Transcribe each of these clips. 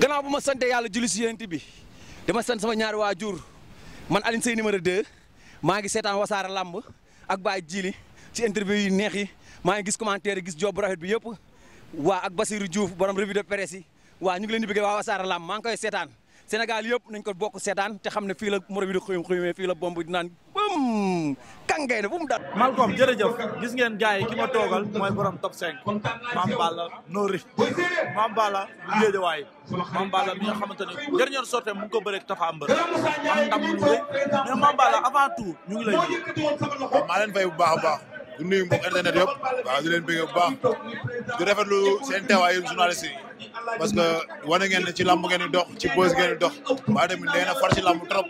gannaaw bu ma santee yàlla julli si yéent bi dama sant sama ñaari waajur man Alioune Seye numéro 2 maa ngi seetaan wasaara làmb ak Baye Djili ci interview yi neex yi maa ngi gis commentaire yi gis job bu bi yëpp waa ak Basirou Diouf borom revue de presse waa ñu ngi leen di bëgg waa wasaara lamb maa ngi koy seetaan Sénégal yëpp nañ ko bokk seetaan te xam ne fii la moro bi di xuyum xuyumee fii la bomb naan bum kàngay na bum dal. Malcom jërëjëf gis ngeen gars yi ki ma toogal mooy borom top 5 Mame Balla Nori Mame Balla Guédiawaye Mame Balla mi nga xamante ne dernière sortie mu ngi ko bëreeg Tapha Mbeur am ndam lu rëy mais Mame Balla avant ñu ngi lay. maa leen fay bu baax a baax. du nuyu mbokk internet yëpp waaw di leen bëgg bu baax di rafetlu seen teewaay yéen journaliste parce que wane ci làmb ngeen di dox ci bës ngeen di dox waaye tamit da ngeen ci làmb trop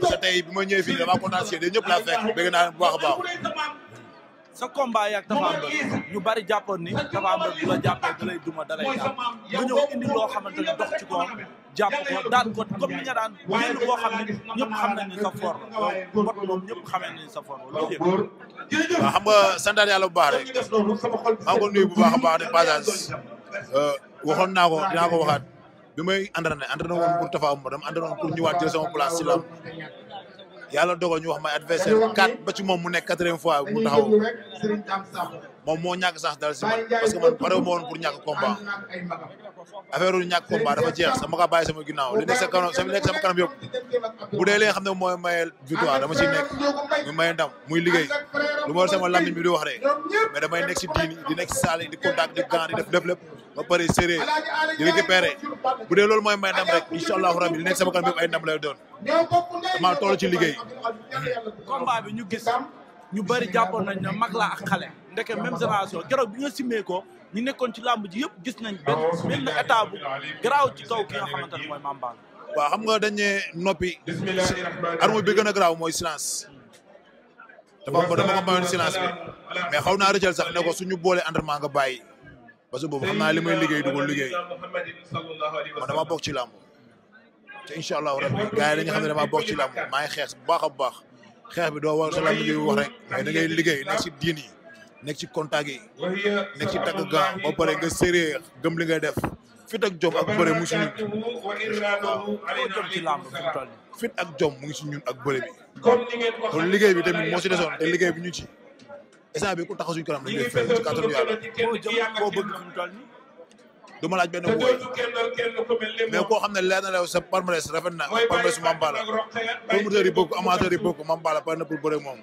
parce tey bi ma ñëwee fii damaa kontaan si yéen ñëpp laa fekk bëgg naa bu baax a baax. sa combat yaag Tapha Mbeur ñu bari jàppoon ni Tapha Mbeur bu la jàppee da lay duma da lay daal ñëw indi loo xamante ni dox ci koom. jàpp ko daan ko comme ni nga daan waaye boo xam ne ñëpp xam nañ ne sa for la donc bot moom ñëpp xamee nañ sa for la loolu yëpp waaw xam nga bu baax rek maa ngi ko nuyu bu baax a baax de passage euh, waxoon naa ko dinaa ko waxaat bi may entraîné entraîné woon pour Tafa Mbeur dama entraîné place si yàlla dogal ñu wax may adversaire quatre ba ci moom mu nekk quatrième fois mu taxaw moom moo ñàkk sax dal si man parce que man pare ma woon pour ñàkk combat affaire yu ñàkk combat dafa jeex sama ka bàyyi sama ginnaaw li nekk sa kanam li nekk sama kanam bu dee li nga xam ne mooy maye victoire dama ci nekk mu maye ndam muy liggéey lu ma sama làmmiñ bi di wax rek mais damay nekk si diini di nekk si di contact di gan di def lépp lépp ba pare serré di récupéré bu dee loolu mooy may ndam rek incha allahu lay doon maa toll ci liggéey. combat bi ñu gis ñu bari jàppoon nañ ne mag laa xale. ndeke même génération keroog bi nga simmee ñu nekkoon ci làmb ji yëpp gis nañ benn benn état ci kaw ki xamante ne mooy Mame Balla. waaw xam nga dañ ne noppi. arme bi gën na garaaw mooy silence. dama ko dama ko silence bi mais xaw naa rëccal sax ne ko suñu boolee entraînement nga bàyyi parce que boobu xam naa li may liggéey du ko liggéey man dama bokk ci làmb. te incha allahu rabbi gars yi dañu xam ne damaa bokk ci làmb maa ngi xeex bu baax xeex bi doo war sa làmb wax rek mais da ngay liggéey nekk ci diin yi nekk ci contact yi nekk ci tagg gan ba pare nga sérieux gëm li ngay def fit ak jom ak bëre mu ngi si ñun fit ak jom mu ngi si ñun ak bëre bi kon liggéey bi tamit moo si desoon te liggéey bi ñu ci instant bi ku taxaw suñu kanam dañ koy fekk ci kàttanu yàlla koo du ma laaj benn wooy mais koo xam ne leer na la sa palmarès rafet na palmarès su Mame Balla promoteur yi bokk na pour bëre moom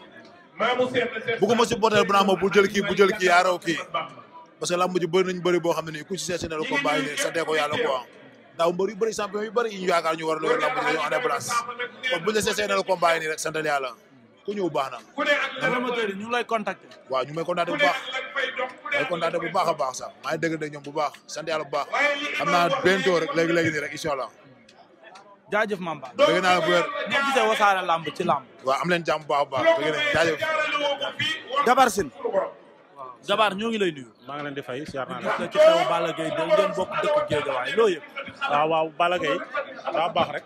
bugguma si booteel bu naa ma bu parce que lamb ji bëri nañu bëri boo xam ne nii ku ci seet si ne la combat yi sante ko yàlla quoi daaw mbër yu bëri champion yu bëri yi ñu yaakaar ñu war loolu rek santal yàlla ku ñëw baax na. promoteur yi bu baax waaye kontaante bu baax a baax sax maa ngi dégg de ñoom bu baax sant yàlla bu baax xam naa bientôt rek léegi léegi nii rek incha allah. jaajëf Mamba. dégg naa la bu wér. ñu ci lamb. waaw am leen jàmm bu a baax dégg nañ jaajëf. Jabar Jabar ñoo ngi lay nuyu. maa ngi leen di fay siyaar naa la ci xew Balla loo yëg. waaw ah, waaw Balla Gaye daa baax rek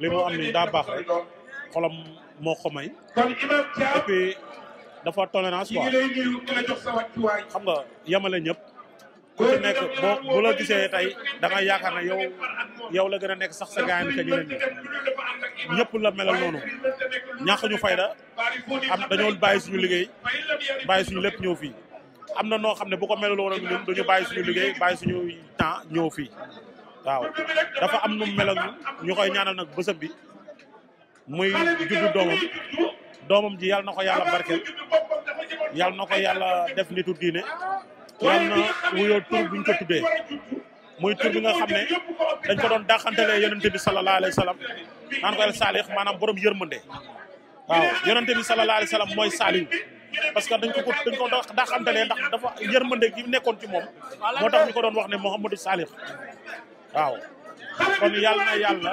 li mu am nii daa baax rek xolam moo ko may dafa tolérance quoi xam nga yamale ñëpp ku ci nekk boo bu la gisee tey da yaakaar na yow yow la gën a nekk sax sa gaayam ka ñeneen ñi ñëpp la melal noonu ñàkk fayda am dañoo bàyyi suñu liggéey bàyyi suñu lépp ñëw fii am na noo xam ne boo ko melul woon dañu bàyyi suñu liggéey bàyyi suñu temps ñëw fii waaw dafa am nu melal ñu koy ñaanal nag bësam bi muy juddu doomam doomam ji yàlla na ko yàlla barkeel yàlla na ko yàlla def nitu diine yàlla na tur buñ ko tuddee muy tur bi nga xam ne dañ ko doon dàqantelee yonente bi sallallahu alayhi wa sallam naan ko el saalix maanaam borom yërmande waaw yonente bi sallallahu alayhi wa sallam mooy saaliw parce que dañ ko ko dañ ko dàqantelee ndax dafa yërmande gi nekkoon ci moom moo tax ñu ko doon wax ne Mouhamadou Saalix waaw kon yàlla na yàlla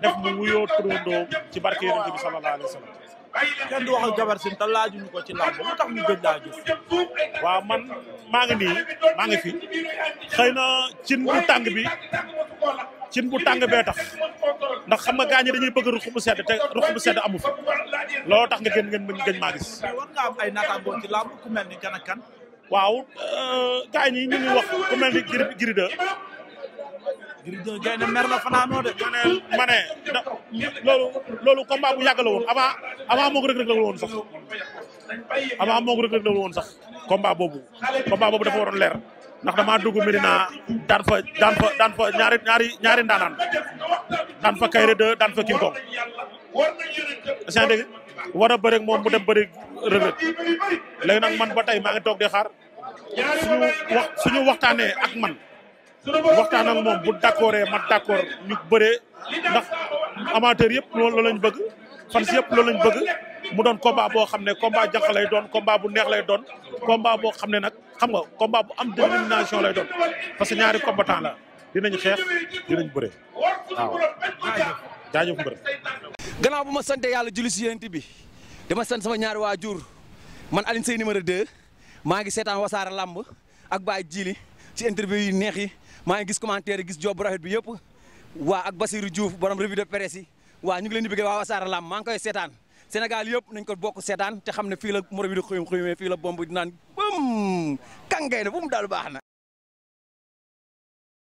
def mu wuyoo turandoo ci barke yonente bi sallallahu alayhi wa sallam kenn du wax ak Jabar Sine te laajuñu ko ci làmb lu tax ñu gëj laa gis. waaw man maa ngi nii maa ngi fi xëy na cin bu tàng bi cin bu tàng bee tax ndax xam nga gaañi dañuy bëgg ruq bu sedd te ruq bu sedd amu fi looloo tax nga gën ngeen gëj maa gis. war nga am ay naataangoo ci làmb ku mel ni kan ak kan. waaw euh, gaañ yi ñu ngi wax ku mel ni giri Gris 2 na mer la fanaanoo de. ma ne ma loolu loolu combat bu yàgg la woon avant avant moo ko Reug Reug woon sax avant moo ko Reug Reug la woon sax combat boobu combat boobu dafa waroon leer ndax damaa dugg Medina daan fa daan fa daan fa ñaari ñaari ñaari ndaanaan daan fa Kayre 2 daan seen dégg war a bëri moom mu dem bëri Reug Reug nag man ba tey maa ngi toog di xaar suñu wax suñu waxtaanee ak man waxtaan ak moom bu d'accordé ma d'accord ñu bëree ndax amateur yëpp loolu lañ bëgg si yëpp loolu lañ bëgg mu doon combat boo xam ne combat jànq lay doon komba bu neex lay doon combat boo xam ne nag xam nga combat bu am détermination lay doon parce que ñaari combattant la dinañ xeex dinañ bëre waaw jaajëf mbër gannaaw bu ma sante yàlla julli si yénti bi dama sant sama ñaari waajur man Alioune Seye numéro 2 maa ngi seetaan wasaara làmb ak Baye Djili ci interview yu neex yi maa ngi gis commentaire yi gis job bu rafet bi yëpp waa ak Basirou Diouf borom revue de presse yi waa ñu ngi leen di bëgg waa Wassare maa ngi koy seetaan Sénégal yëpp nañ ko bokk seetaan te xam ne fii la moro bi di xuyum xuyumee fii la bomb di naan bum kàngay na bu daal baax na